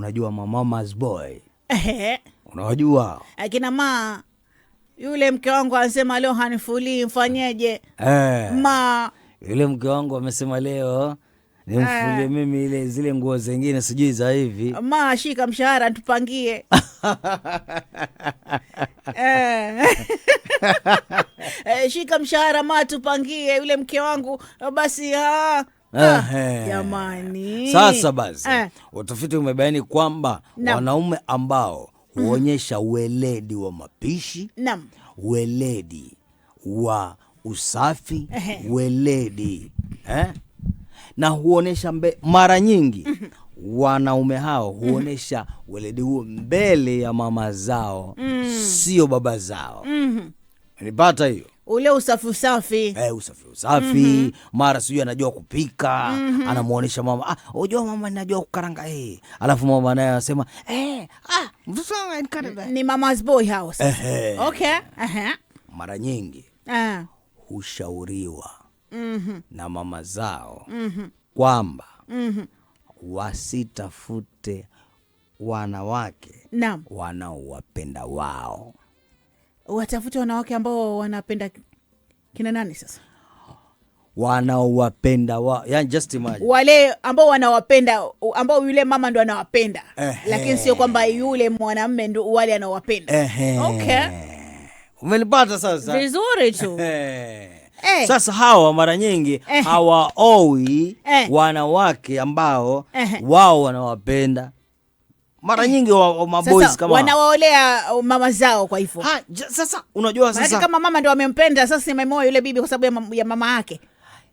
unajua mamamas boy unawajua akina ma yule mke wangu anasema leo hanifulii mfanyeje? Eh. ma yule mke wangu amesema leo nimfulie eh. mimi ile zile nguo zingine sijui za hivi. Ma shika mshahara tupangie. Eh. shika mshahara ma tupangie, yule mke wangu basi haa. Ah. Eh, ah, eh. Jamani. Sasa basi eh. utafiti umebaini kwamba wanaume ambao mhm. huonyesha mm weledi wa mapishi Nam. weledi wa usafi eh, weledi eh? na huonyesha mbe mara nyingi mhm. wanaume hao mhm. huonyesha mm -hmm. huo mbele ya mama zao mm sio baba zao mm -hmm. nipata hiyo ule usafi usafi, eh, usafi usafi mm -hmm. Mara sijui anajua kupika mm -hmm. Anamwonyesha mama, ah, mama najua kukaranga eh. Alafu mama naye anasema eh, ah, ni mama's boy house eh, eh. Okay uh -huh. Mara nyingi uh ah. -huh. hushauriwa mm -hmm. na mama zao mm -hmm. kwamba mm -hmm. wasitafute wanawake wanaowapenda wao watafute wanawake ambao wanapenda kina nani sasa wanaowapenda wa, yani just imagine wale ambao wanawapenda ambao yule mama ndo anawapenda lakini sio kwamba yule mwanamme ndo wale anawapenda eh, okay. Umenipata sasa vizuri tu eh. Sasa hawa mara nyingi eh, hawaowi eh, wanawake ambao eh, wao wanawapenda mara nyingi wa, wa maboys kama wanawaolea uh, mama zao. Kwa hivyo sasa, unajua sasa kama mama ndio amempenda sasa, simemoa yule bibi kwa sababu ya ya mama yake.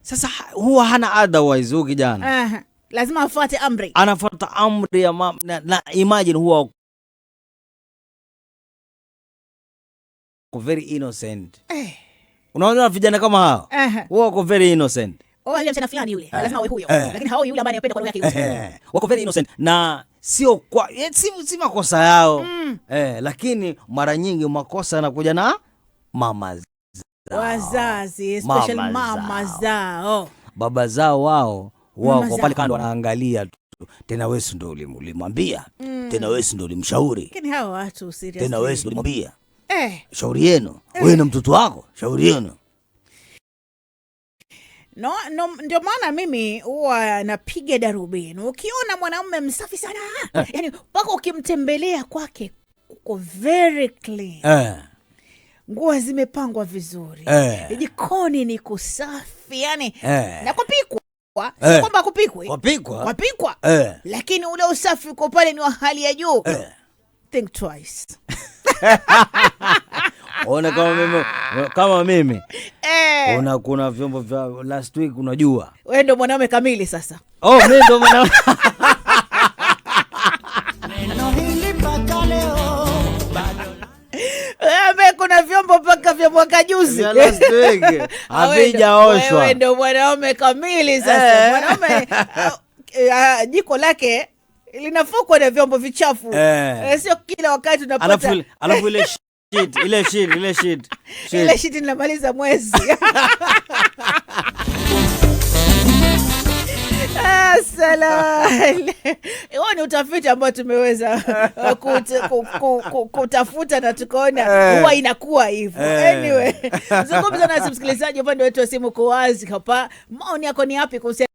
Sasa huwa hana otherwise huyu kijana uh -huh. Lazima afuate amri, anafuata amri ya mama na, na imagine huwa very innocent eh. Unaona vijana kama hao uh -huh. wako very innocent, oh yule msichana fulani yule eh. lazima awe huyo, eh. lakini hao yule ambaye anapenda kwa roho yake, eh. wako very innocent na sio kwa eh, si, si makosa yao mm. Eh, lakini mara nyingi makosa yanakuja na mama zao, wazazi especially mama, mama zao baba zao wao wako pale kando wanaangalia tu, tena wewe si ndio ulimwambia mm. tena wewe si ndio ulimshauri, lakini hao watu serious, tena wewe si ulimwambia eh, shauri yenu eh. wewe na mtoto wako shauri yenu No, no, ndio maana mimi huwa napiga darubini. Ukiona mwanamume msafi sana eh. yani mpaka ukimtembelea kwake uko very clean uh. Nguo zimepangwa vizuri uh. Jikoni ni kusafi yani uh. na kupikwa si kwamba kupikwe kupikwa kupikwa uh. Lakini ule usafi uko pale ni wa hali ya juu uh. Think twice Ona kama mimi kama mimi eh. Ona kuna vyombo vya last week, unajua wewe ndio mwanaume kamili sasa. Oh, mimi ndio mwanaume kuna vyombo mpaka vya mwaka juzi havijaoshwa. Wewe ndio mwanaume kamili sasa. Eh. Mwanaume uh, jiko lake linafukwa na vyombo vichafu eh. Sio kila wakati unapata alafu ile Shit, ile shit, ile shit. Shit. Ile shit inamaliza mwezi. Huo ni utafiti ambao tumeweza kutafuta na tukaona eh. huwa inakuwa hivyo. Eh. Anyway, zungumza nasi msikilizaji, upande wetu wa simu uko wazi hapa. Maoni yako ni yapi kuhusu